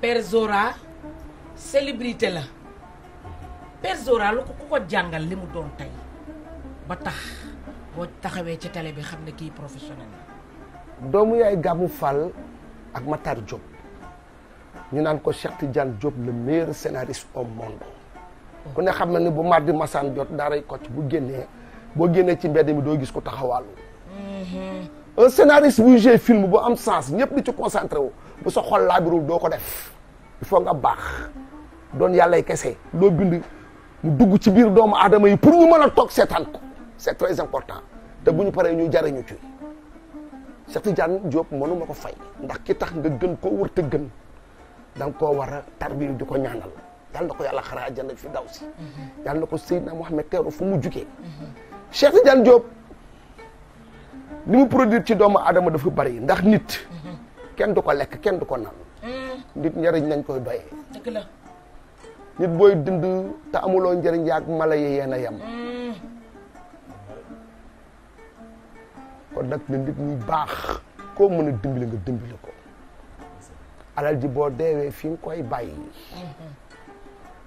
Père Zora célébrité la Père lu ko ku ko jàngal li mu doon tey ba tax boo taxawee ci télé bi xam ne kii professionnel la doomu yaay Gamou Fall ak Matar Diop ñu naan ko Cheikh Tidiane Diop le meilleur scénariste au monde oh. ku ne xam na ni bu mardi masaan jot daaray Kocc bu génnee boo génnee ci mbedd mi doo gis ko taxawaalu mm-hmm. un scénariste buy jouer film bu am sens ñëpp di ci concentré wu bu sa xol laabirul doo ko def il faut nga baax doon yàllay kese loo bind mu dugg ci biir doomu aadama yi pour ñu mën a toog seetaan ko c'est très important te bu ñu paree ñu jariñu ci Cheikh Tidiane Diop mënu ma ko fay ndax ki tax nga gën koo wër te gën da koo war a tarbiyu di ko ñaanal yal na ko yàlla xaraa àjjana fi daw si mhm. yal na ko Seydina Mouhamed teeru fu mu jugee Cheikh Tidiane Diop li mu produire ci doomu aadama dafa bari ndax nit kenn du ko lekk kenn du ko naan hmm. nit njëriñ lañ koy doyee nit booy dund te amuloo njëriñ yaag mala yi yéen a yem hmm. kon nag na nit baax ko mën a dimbali nga ko alal ji boo deewee fi nga koy bay hmm.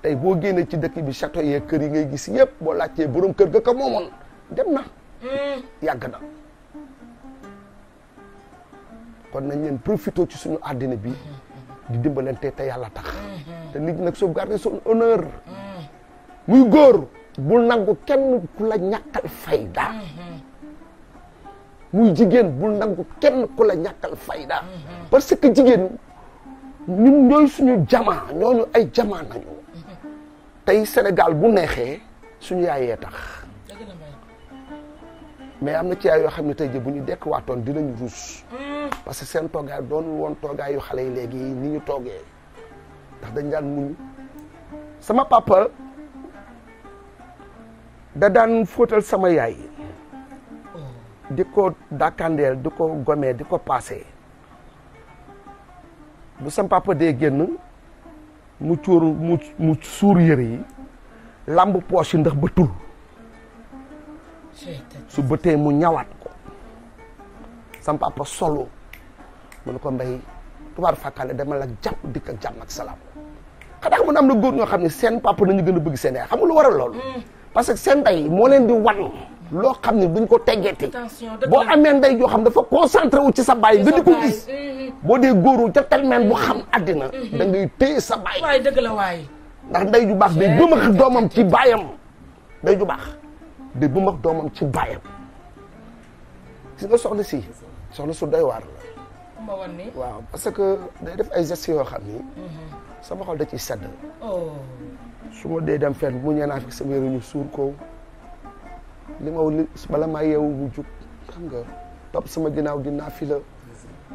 tey boo génnee ci dëkk bi château yee kër yi ngay gis yëpp boo laajtee borom kër ga ka moomoon dem na yàgg na kon nañ leen profité ci suñu àddina bi di dimbalante te yàlla tax te nit nag sauvegarder son honneur muy góor bul nangu kenn ku la ñàkkal fayda jigéen bul nangu kenn ku la ñàkkal parce que jigéen ñun ñooy suñu jamaa ñooñu ay jamaa nañu tey Sénégal bu neexee suñu yaayee tax mais am na ci yaay yoo xam ne tey jii bu ñu dekk waatoon dinañ ruus parce que seen toogaay doon woon toogaayu xale yi léegi ni ñu toogee ndax dañ daan muñu sama papa da daan fóotal sama yaay di ko dàkkandeel di ko gome di ko paase bu sama papa dee génn mu cuur mu suur yëre yi làmb poos yi ndax ba tul su bëtee mu ñawaat ko sama papa solo mun mënu ko mbay tubaar fàkkaale demal ak jàpp dikk ak jàmm ak salaam xanaa mun am na góor ñoo xam ne seen papa nañu gën a bëgg seen yaay xam nga lu hmm. parce que seen ndey moo leen di wan loo xam ne buñ ko teggeeti boo amee ndey joo xam dafa concentré wu ci sa baay nga di ko gis hmm, hmm. boo dee góoru ca telmeen bu xam àddina da ngay téye sa baay waay dëgg waay ndax ndey ju baax day bëmax doomam ci baayam ndey ju baax day bëmax doomam ci baayam nga soxna si soxna su doy waar ma ni waaw parce que day def ay gestes yoo xam ni. Mm-hmm. sama xol da ciy sedd. Oh. su ma dee dem fenn mu ñëw naa fi sama yëre ñu suur ko li ma su bala maa yeewu bu jug xam nga topp sama ginnaaw dinaa fi la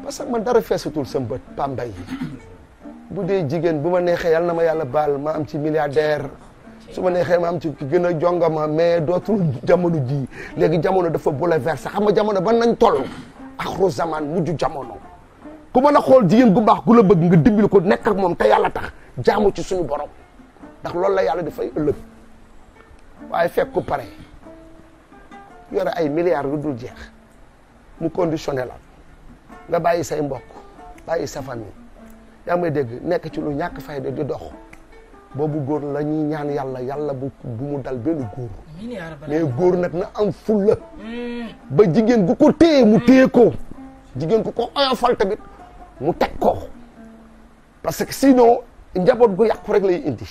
parce que dara feesatul sama bët pambay mm-hmm. bu dee jigéen bu ma neexee na ma yàlla baal ma am ci milliardaire su ma neexee ma am ci ki gën a jongama mais dootul jamono jii léegi jamono dafa bouleversé xam nga jamono ban nañ toll axru zaman mujj jamono ku mën a xool jigéen gu baax gu la bëgg nga dimbali ko nekk ak moom te yàlla tax jaamu ci suñu borom ndax loolu la yàlla di fay ëllëg waaye fekk pare yore ay milliards yu dul jeex mu conditionné la nga bàyyi say mbokk bàyyi sa famille yaa may dégg nekk ci lu ñàkk fayda di dox boobu góor la ñuy ñaan yàlla yàlla bu bu mu dal benn góor mais góor nag na am fulla hmm. ba jigéen gu ko téye mu hmm. téye ko jigéen gu ko oyofal tamit mu teg ko parce que sinon njaboot gu yàqu rek lay indi.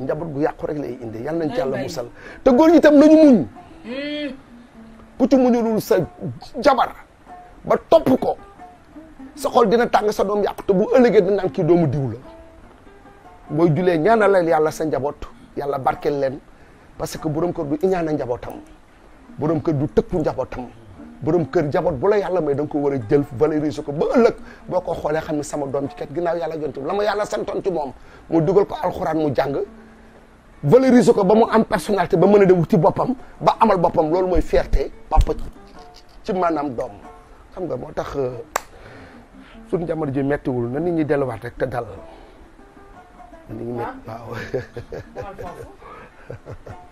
njaboot gu yàqu rek lay indi yal nañ ci yàlla musal te góor ñi itam ñu muñ. Hmm. ku ci muñulul sa jabar ba topp ko sa xol dina tàng sa doom yàqu te bu ëllëgee dinaan kii doomu diw la booy julee la yàlla sa njaboot yàlla barkeel leen parce que borom kër du iñaana njabootam borom kër du tëkku njabootam. borom kër jaboot bu la yàlla may da nga ko war a jël valoriser ko ba ëllëg boo ko xoolee xam ne sama doom ci kat ginnaaw yàlla jontu la ma yàlla santoon ci moom mu dugal ko alxuraan mu jàng valoriser ko ba mu am personnalité ba mën a dem wuti boppam ba amal boppam loolu mooy fierté papa ci maanaam doom xam nga moo tax euh, suñu jamono ji méttiwul na nit ñi delluwaat rek te dal ah. nit ñi métti waaw